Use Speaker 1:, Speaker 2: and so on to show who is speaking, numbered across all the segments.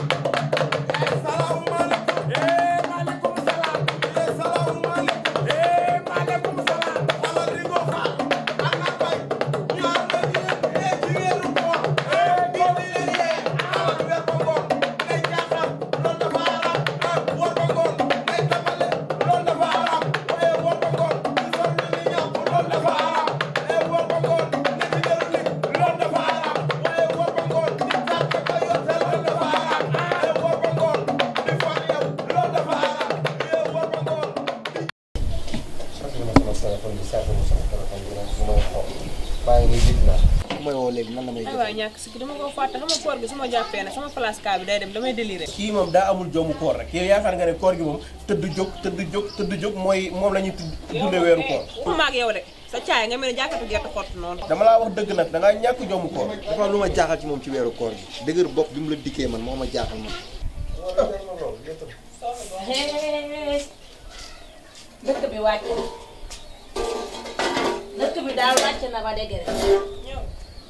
Speaker 1: Thank you. léegi nan la dama ma jàppee nag sama day dem damay déliré kii moom daa amul joomu koor rek yow yaakaar nga ne koor gi moom tëdd jóg tëdd jóg tëdd jóg mooy moom la eh, sa caay nga mel ne jàkkatu gerte xott noonu dama laa wax dëgg nag da ngaa ñàkk joomu koor dafa am lu ma jaaxal ci moom ci weeru koor gi dëgër bopp bi mu la dikkee man moo ma jaaxal man dëkk bi wàcc dëkk bi daal wàcc na ba dëgër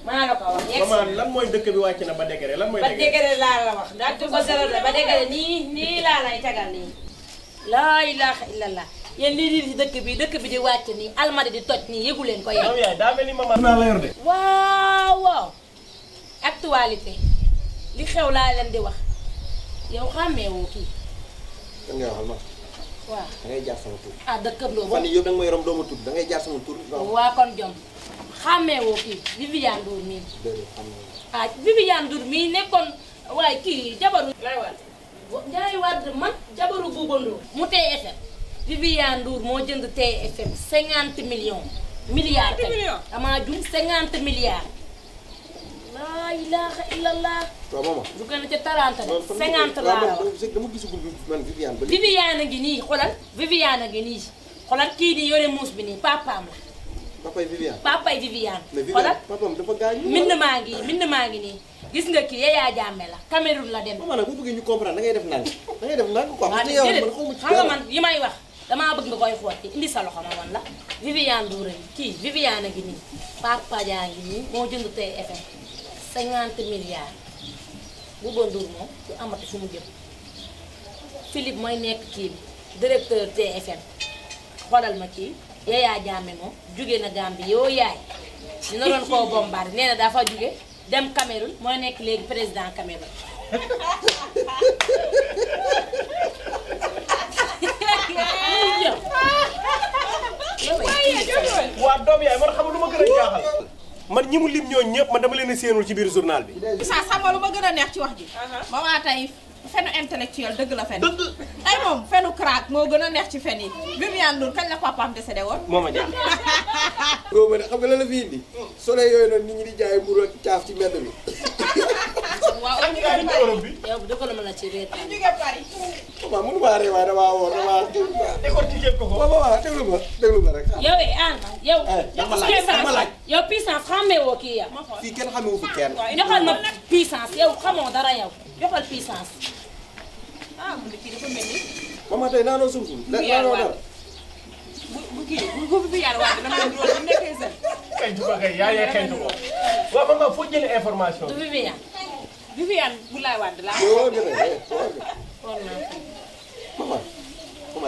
Speaker 1: maa la ko wax maman lan mooy dëkk bi wàcc na ba dégere lan mooy. dégere laa la wax nii nii laa lay tegal nii. laa ilaha illallah yéen lii di dëkk bi dëkk bi di wàcc nii almadi di toj nii yëgu leen ko yéen. waaw yaay daa ni maman naa la yor waaw waaw actualité li xew laa leen di wax yow xàmmee woo kii. kan nga waxal ma. waaw jaar sama tur. ah kon jom. xàmmee woo kii Viviane mii. ah Viviane Ndour mii nekkoon waaye kii jabaru. Ndiaye Wade man jabaru Bouba Ndour mu TFM Viviane Ndour moo jënd TFM cinquante millions. milliards tamit damaa jum cinquante milliards. laa ilaaha illallah. waaw gën a ca tarante la cinquante laa la wax dama gisagul man ba. Viviane a ngi nii xoolal Viviane a nii xoolal kii di yore muus bi nii papaam papay Viviane papay Viviane. mais Viviane papam maa ngi mën maa ngi nii. gis nga kii yaa jàmme la Cameroun la dem. xam a bu bëggee ñu comprendre da ngay def naan da ngay def naan quoi. waaw nga man yi may wax damaa bëgg nga koy xotti indi sa loxo ma wan la. Viviane Doura kii Viviane a ngi nii papa jaa ngi nii moo jënd tey FM 50 milliards bu moom du amati fu mu jëm Philippe mooy nekk kii bi directeur TFM xoolal ma kii. Yaya Jammeh moom jóge na Gambie yow yaay ñu naroon koo bombardé nee na dafa jóge dem Cameroun moo nekk léegi président Cameroun. waa doom yaay man xamul lu ma gën a jaaxal. man ñi mu lim ñooñu ñëpp man dama leen a séenul ci biir journal bi. saa xam lu ma gën a neex ci wax ji. Uh-huh. maman Taïf. fenu intellectuel dëgg la fen tey moom fenu crack moo gën a neex ci fen yi Viviane Ndour kañ la papaam décédé woon moo ma jaaxal boobu nag xam nga la la fi indi yooyu noonu nit ñi di jaay mburu ak caaf ci mbedd que yow dëkk la ma la ci réer. ñu jóge Paris. waaw mënu maa ree waaye damaa woo damaa. décortiquer ko ko. waaw waaw déglu ma déglu ma rek. yow eh ah yow. dama laaj dama laaj. yow puissance xamee woo kii ya. fii kenn xamee wu fi kenn. waaw ñoxal ma puissance yow xamoo dara yow. joxal puissance ah mu ne kii dafa mel ni. bu kii bu bu bu yaar waat dama leen doon nekkee seen. xëntu ko kay yaa yee xëntu ko. waaw maman foo jëlee information bi. Viviane Viviane bu laay waat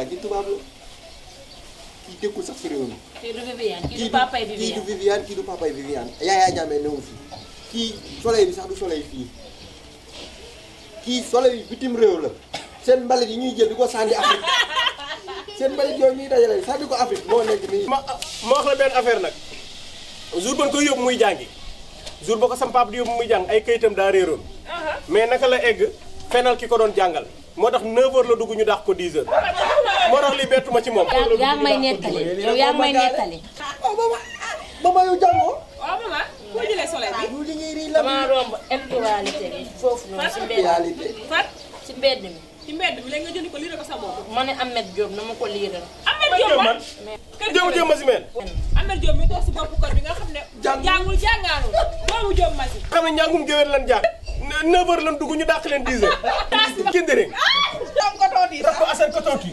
Speaker 1: kii tubaab la kii dëkkul sax si réew mi. kii du Viviane kii du papay Viviane bi fii. ki soleil yi bitim rew la sen mbalit yi ñuy jël di sandi Afrique sen mbalit yooyu mi dajale sandi ko Afrique mo nekk ni mo ma wax la benn affaire nak jour ba nga koy yóbbu muy jangi jour boko sam pap di yob muy jang ay kayitam da réeroon uh-huh. mais naka la egg fenal ki ko don jangal moo tax 9h la duggu ñu dakh ko 10h mo tax li bettuma ci mom ya may netali yow ya may netali waaw ba ma ba ma yow jàngoo. bi du li jëlee ri la damaa romb li foofu noonu si mbedd fan si mbedd mi ci nga jënd ko liiral ko sa bopp ma ne na ma ko liiral Ahmed Diop man kër Diop Diop Massi meen Ahmed Diop mi toog si bopp bi nga xam ne jàngul jàngaarul boobu Diop Massi xam ne njàngum géwél lan jàng na heures lan dugg ñu dàq leen dix heures kindering ah! tam ko tooti tam ko ko tooti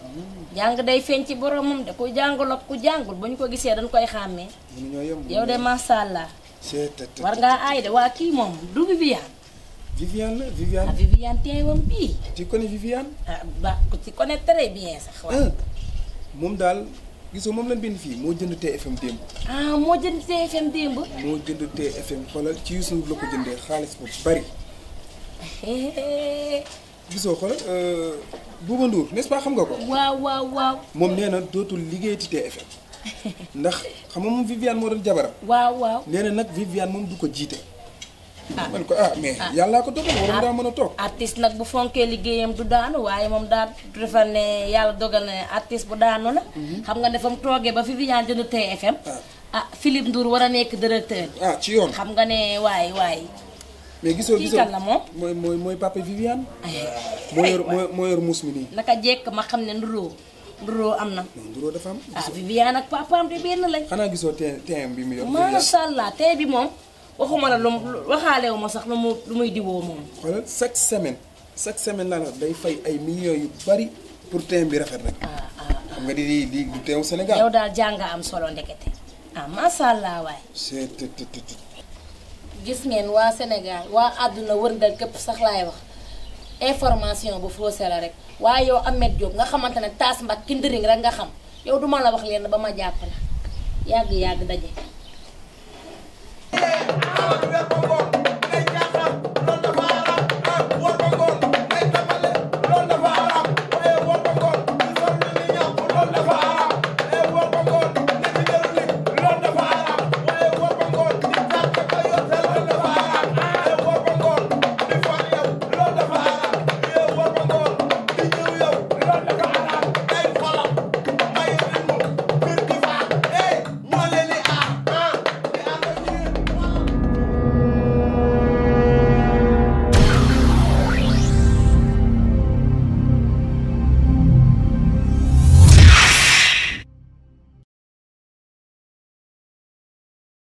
Speaker 1: jàng day feeñ ci boromam de ku jàngul ak ku jàngul bu ñu ko gisee dañ koy xàmmee. yow de macha allah. war ngaa aay de waa kii moom du Viviane. Viviane la Viviane ah Viviane teewam bii. tu connais Viviane. ah ba tu connais très bien sax. moom daal. gisoo moom la bind fii moo jënd TFM démb. ah moo jënd TFM démb. moo jënd TFM xoolal ci Youssou Ndour la ko jëndee xaalis bu bari. gisoo xoolal euh, Bouba Ndour xam nga ko. waaw waaw waaw. moom nee dootul liggéeyati TFM ndax xam nga moom Viviane moo doon jabaram. waaw waaw nee nag Viviane moom du ko jiite. ah man ko ah mais ah. ko dogal waroon daa mën a toog. artiste nag bu fonkee liggéeyam du daanu waaye moom daa defar ne yàlla dogal ne artiste bu daanu la. Mhm. xam nga ne fa mu toogee ba fi Viviane jënd TFM. Ah. ah Philippe Ndour war a nekk directeur. ah ci yoon xam nga ne waay waay. mais gisoo gisoo moom. mooy mooy mooy papa Viviane. moo yor moo yor muus mi nii. naka jekk ma xam ne nduroo nduroo am na. nduroo dafa am. ah Viviane ak papaam de benn lañ. bi mu yor. allah tey bi moom waxuma la lu waxaale wu ma sax lu mu lu muy diwoo moom. xoolal chaque semaine chaque semaine day fay ay millions yu bari pour bi rafet ah, ah, ah. xam nga di di di teew Sénégal. yow daal jàng am solo ndekete ah macha allah waay. gis ngeen waa Sénégal waa àdduna wërndal képp sax laay wax information bu faussé la rek waaye yow Ameth Diop nga xamante ne taas mbag ki ndëriñ rek nga xam yow duma la wax leen ba ma jàpp la yàgg-yàgg daje